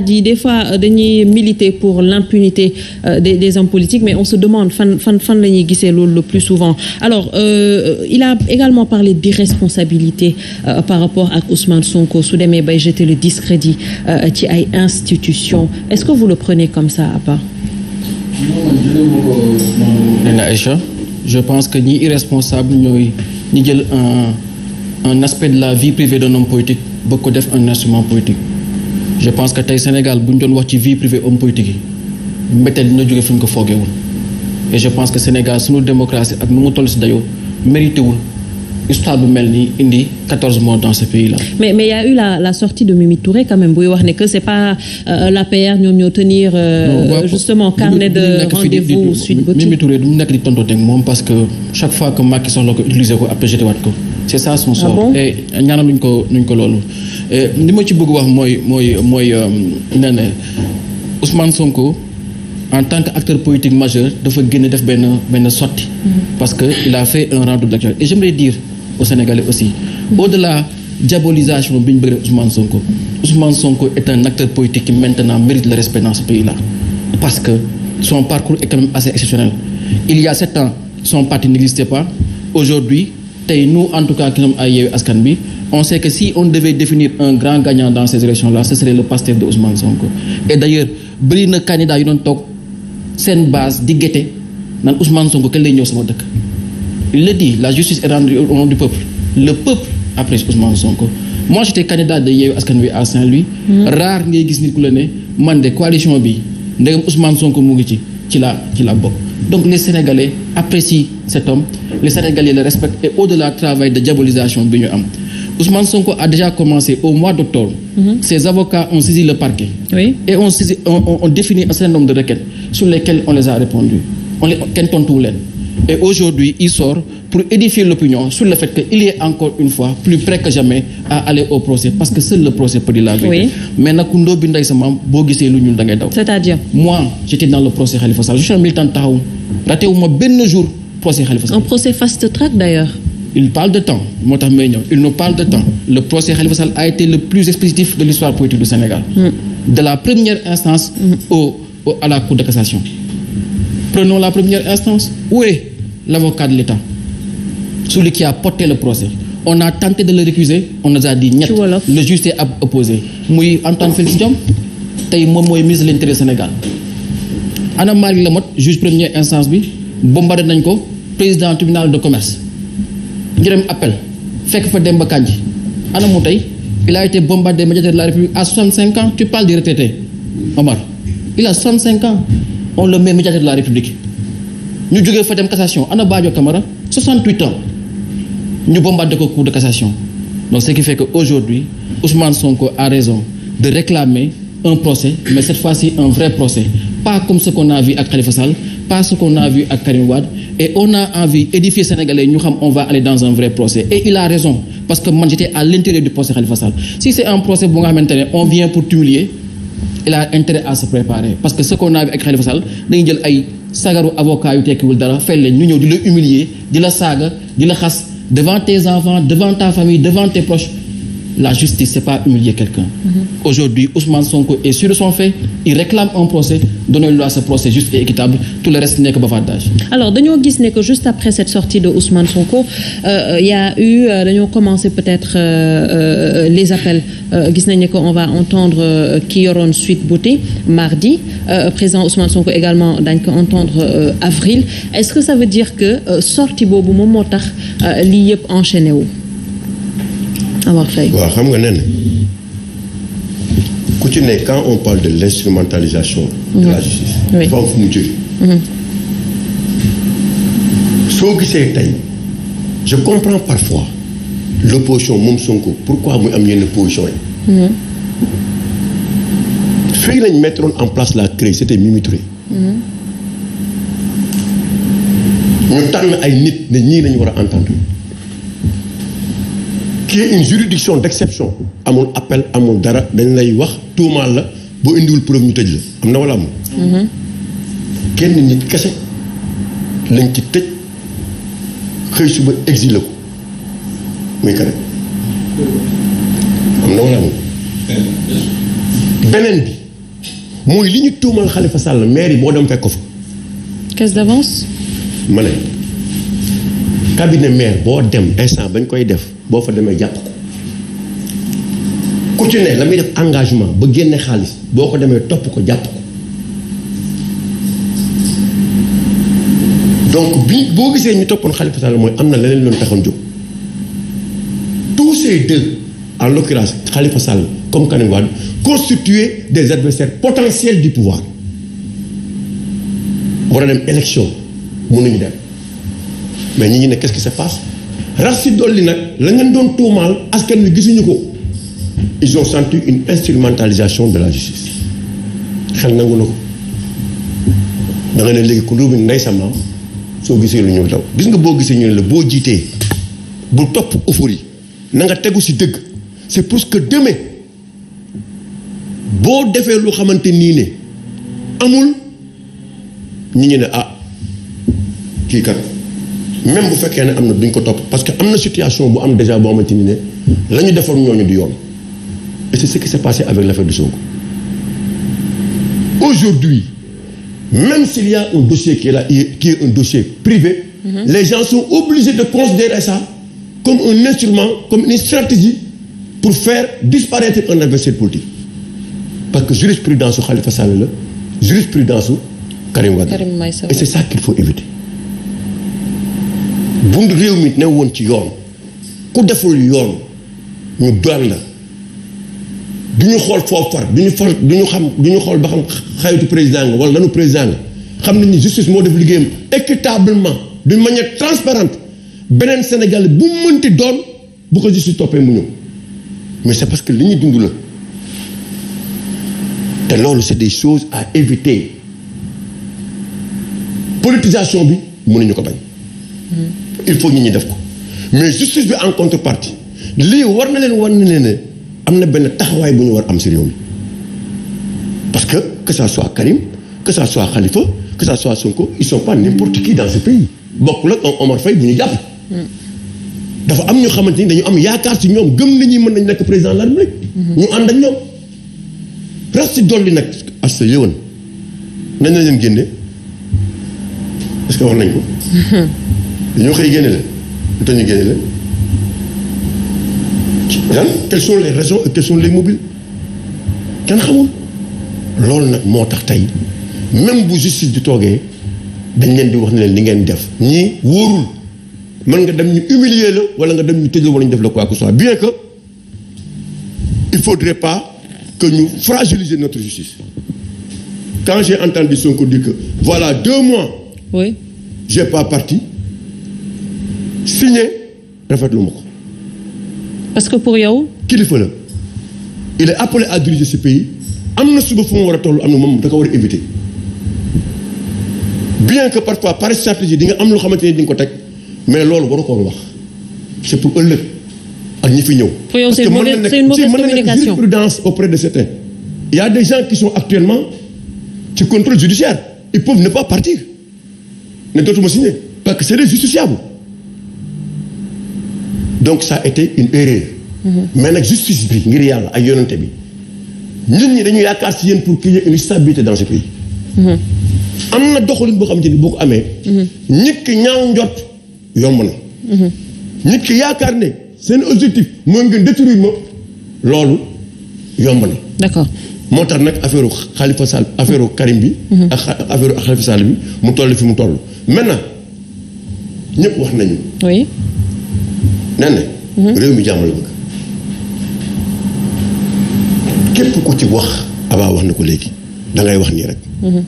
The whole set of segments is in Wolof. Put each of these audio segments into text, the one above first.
démocrates des fois euh, dañuy militer pour l'impunité euh, des des hommes politiques mais on se demande fan fan fan la ñuy gisee loolu le plus souvent alors euh, euh il a également parlé d'irresponsabilité euh, par rapport ak Ousmane Sonko su demee bay jeter le discrédit ci ay institutions est-ce que vous le prenez comme ça à part je pense que ñi irresponsable ñooy ñi jël un un aspect de la vie privée d'un homme politique bëgg ko def un je pense que tey Sénégal bu ñu doon wax ci vie privée homme politique yi mbetteel dina jóge fu ñu ko foogeewul et je pense que Sénégal suñu démocratie ak nu mu toll si dayoo mérité wul histoire bu mel ni indi 14 mois dans ce pays là. mais mais y a eu la la sortie de Mimi Touré quand même buy wax ne que c'est pas euh, l'APR ñoom ñoo tenir. Euh, non, ouais, justement carnet de rendez-vous du mu nekk di tontoo teg moom parce que chaque fois que Macky soxla ko utiliser ko après c'est ça son sort ah te ñaanaluñ ko nuñ ko loolu li ma ci bëgg wax mooy mooy mooy euh, nee na Ousmane Sonko en tant qu'acteur politique majeur dafa génn def benn benn sotti mm-hmm. parce que il a fait un rendez-vous d'actualité et j'aimerais dire aux Sénégalais aussi mm-hmm. au-delà diabolisation bi ñu bëgg def Ousmane Sonko Ousmane Sonko est un acteur politique qui maintenant mérite le respect dans ce pays parce que son parcours est quand il y a sept son parti n'existait pas aujourd'hui tey nous en tout cas ki nam ay Yewwi Askan Wi on sait que si on devait définir un grand gagnant dans ces élections là ce serait le Pastef de Ousmane Sonko et d'ailleurs bëri na candidat yu doon toog seen base di naan Ousmane Sonko kenn lay ñëw sama dëkk il le la justice est rendue au nom du peuple le peuple après Ousmane Sonko moi j'étais candidat de Yewwi Askan Wi à Saint-Louis hmm. rare ngay gis nit ku la ne man de coalition bi ndegam Ousmane Sonko mu ngi ci ci la ci la bokk donc les sénégalais apprécient cet homme les sénégalais le respectent et au-delà travail de diabolisation bi ñu am Ousmane Sonko a au mois d'octobre mm -hmm. ses avocats le parquet et ont saisi ont, ont, un certain de requêtes sur lesquelles on les a répondu on les kenn tontuwu leen Et aujourd'hui, il pour édifier l'opinion sur le fait qu'il est encore une fois plus près que jamais à aller au procès. Parce que seul le procès peut dire la vérité. Mais Nakundo Bindaï Samam, Bogissé Lunyu Ndangadao. C'est-à-dire Moi, j'étais dans le procès Khalifa Sall. Je suis un militant de Tahaou. jour, procès Khalifa Un procès fast-track d'ailleurs. Il parle de temps, il nous parle de temps. Le procès Khalifa a l'avocat de l'État, celui qui a le procès. On a tenté de le récuser, on nous a dit ñett le juge s'est opposé muy Antoine Félix Diome tey moom mooy ministre de l'Intérieur Sénégal Anna Marie Lamotte juge première instance bi bombardé nañ ko président tribunal de commerce ñu dem appel fekk fa Demba Kandji ana mu tey il a été bombardé médiateur de la République à 65 ans tu parles de retraité Omar il a 65 ans on le met médiateur de la République ñu jógee fa dem cassation ana Badio Camara 68 ans ñu bombardé ko cour de cassation donc ce qui fait que aujourd'hui Ousmane Sonko a raison de réclamer un procès mais cette fois-ci un vrai procès pas comme ce qu'on a vu ak Khalifa Sall pas ce qu'on a vu et on a envie édifier Sénégalais ñu xam on va aller dans un vrai procès et il a raison parce que man à l'intérieur du procès Khalifa Sall si c'est un procès bu nga xamante ne on vient pour t'humilier il a intérêt à se préparer parce que ce qu'on a vu ak Khalifa Sall dañuy jël ay sagaru avocat tekkiwul dara fay leen ñu ñëw di la humilier di la saaga di la xas devant tes enfants devant ta famille devant tes proches la justice c'est pas humilier quelqu'un mm aujourd'hui Ousmane Sonko est sûr de son fait il réclame un procès donnez-lui à ce procès juste et équitable tout le reste n'est que bavardage alors dañoo gis ne que juste après cette sortie de Ousmane Sonko euh, y a eu euh, dañoo commencé peut-être euh, euh les appels euh, gis nañ ne que on va entendre euh, ki yoroon Sweet Beauté mardi présent Ousmane Sonko également dañ ko entendre avril est-ce que ça veut dire que sortie boobu moom moo tax lii yëpp enchaîné wu Omar Faye waaw xam nga nen ku ci ne quand on parle de l'instrumentalisation de la justice dafa mu jóge mhm. soo gisee tey je comprends parfois l'opposition moom Sonko pourquoi muy am yenn position yi mhm. fii nañ mettroon en place la CREI c'était Mimi Touré mhm. ñu tànn ay nit ne ñii lañu war a entendre qui est une juridiction d'exception amul appel amul dara dañ lay wax tuumaal la boo indiwul preuve ñu tëj la am na wala amul. Mm-hmm. kenn nit kese lañ ci tëj xëy suba exile ko muy Karim am na wala amul. beneen bi mooy li ñu tuumal xalifa Sall maire yi boo dem fekk ko fa. caisse d'avance. ma ne cabinet maire boo dem instant bañ koy def. boo fa demee jàpp ko ku ci ne la muy def engagement ba génne xaalis boo ko demee topp ko jàpp ko donc bi boo gisee ñu toppoon Khalifa Sall mooy am na leneen loon taxoon jóg tous ces deux en l'occurrence Khalifa Sall comme Karim Wade constituaient des adversaires potentiels du pouvoir war a dem mun mënuñu dem mais ñu ñu ne quest qui se passe rax si dolli nag la ngeen doon tuumaal askan wi gisuñu ko ils ont senti une instrumentalisation de la justice xel nangu na ko da ne léegi ku ruubi ndey sa maam soo gisee lu ñu daw gis nga boo gisee ñu ne la boo jiitee bu topp euphorie yi nanga tegu si dëgg c'est pour que demain boo defee lu xamante nii ne amul ñi ñu ne ah kii kat même bu fekkee ne am na duñ ko topp parce que am na situation bu am déjà boo xamante ni ne la ñu defoon ñooñu du yoon et c'est ce qui s'est passé avec l'affaire de Sonko aujourd'hui même s'il y a un dossier kii est là qui est un dossier privé mm -hmm. les gens sont obligés de considérer ça comme un instrument comme une stratégie pour faire disparaître un adversaire politique parce que jurisprudence su Khalifa Sall la jurisprudence su Karim Wade et c'est ça qu'il faut éviter bu réew mi ne woon ci yoon ku deful yoon ñu doon la du ñu xool foofu far du ñu far du ñu xam du ñu xool ba xam xayatu président nga wala lanu président nga xam nañ ni justice moo def liggéeyam équitablement d'une manière transparente beneen Sénégal bu mënti doon bu ko justice toppee mu ñëw mais c'est parce que li ñuy dund la te loolu c'est des choses à éviter politisation bi mënuñu ko bañ il faut ñu ñi def ko mais justice bi en contrepartie lii war na leen war na leen ne am na benn taxawaay bu ñu war am si réew mi parce que que ça soit Karim que ça soit Khalifa que ça soit Sonko ils sont pas n'importe qui dans ce pays bokkul ak Omar Faye bu ñu jàpp. dafa am ñu xamante ni dañu am yaakaar si ñoom gëm ñuy mën nañu nekk président de la République. ñu ànd ak ñoom. reste dolli nag as yëwan nañ la leen génne est-ce que wax nañ ko. dañoo xëy génne la lu tax ñu génne la lan quelles sont les raisons et kenn xamul loolu nag moo tax tey même bu justice di toogee dañ leen di wax ne leen li ngeen def ñii wóorul mën nga dem ñu humilier la wala nga dem ñu tëj la ñu def la quoi que soit bien que il faudrait pas que ñu fragiliser notre justice quand j'ai entendu Sonko dire voilà deux mois oui j'ai pas parti signé rafetlu ma ko. parce que pour yow. kilifa la il est appelé à diriger pays am na suba fu mu war a toll am na moom da ko war a éviter bien que parfois par stratégie di nga am loo xamante ne di ko teg mais loolu war a koo wax c' est pour ëllëg ak ñi fi ñëw. parce que moo na nekk ci mën na nekk jurisprudence auprès de certains. il y a actuellement ci contrôle judiciaire ils peuvent ne pas partir ne dootuma signer parce que c' est des justiciables. donc ça a été une erreur. Mhm. mais nag justice bi ngir yàlla ak yonante bi nit ñi dañu yaakaar si yéen pour qu'il y ait une stabilité dans ce pays. Mhm. am na doxalin boo xamante ni boo ko amee. Mhm. nit ki ñaaw njot yomb na. nit ki yaakaar ne seen objectif moom ngeen détruire ma loolu yomb na. d'accord moo tax nag affaire Khalifa Sall affaire Karim bi. ak affaire Khalifa bi mu toll fi mu toll na ñëpp wax nañu. nan ne mhm. réew mi jàmm la bëgg képp ku ci wax abaa wax na ko léegi dangay wax nii rek mhm.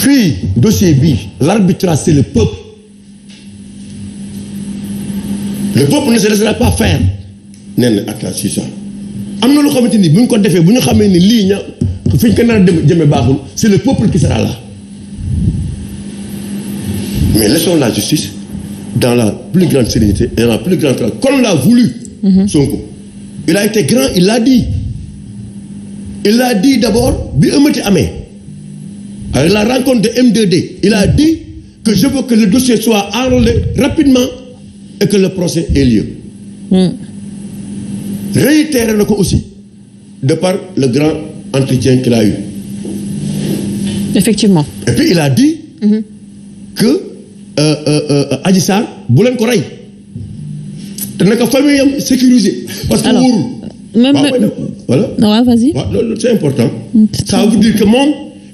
fii dossier bi l'arbitrage c'est le peuple le peuple ne se laissera pas faire nee na attention ça am na loo xamante ni bu ko defee bu ñu xamee ni lii ña fi ñu ko nar a dem jëme baaxul c'est le peuple qui sera là mais laissons la justice dans la plus grande sérénité et la plus grande comme l'a voulu mm -hmm. il a été grand il l'a dit il l'a dit d'abord bi ëmmati amee avec la rencontre de M2D il a dit que je veux que le dossier soit enrôlé rapidement et que le procès ait lieu mm. réitéré na ko aussi de par le grand entretien qu'il a eu effectivement et puis il a dit mhm. que Euh, euh, euh, Adji Sarr bu leen ko rey te naka famille am sécurisé. parce que wóorul. même voilà. non waaw vas-y. waaw c'est important. Mm, ça veut dire que moom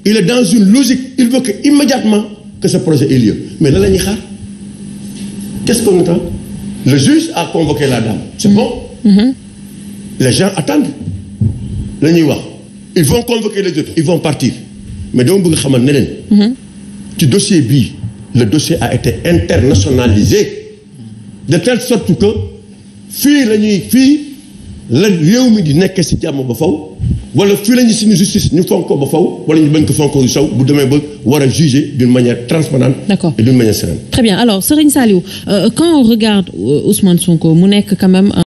il est dans une logique il veut que immédiatement que ce projet ait lieu mais la ñuy xaar qu'est-ce qu'on attend le juge a convoqué la dame. c'est mm. bon. Mm-hmm. les gens attendent la wax ils vont convoquer les autres ils vont partir mais dama bëgg xamal ne leen. Mm-hmm. ci dossier bii. le dossier a été internationalisé de telle sorte que fii la fii la réew mi di nekkee ci jàmm ba faw wala fii la ñuy suñu justice ñu fonk ba faw wala ñu bañ ko fonk yu saw bu demee ba war a juger d'une manière transparente d'accord et d'une manière sereine. très bien alors Serigne Saliou euh, quand on regarde euh, Ousmane Sonko mu nekk quand même.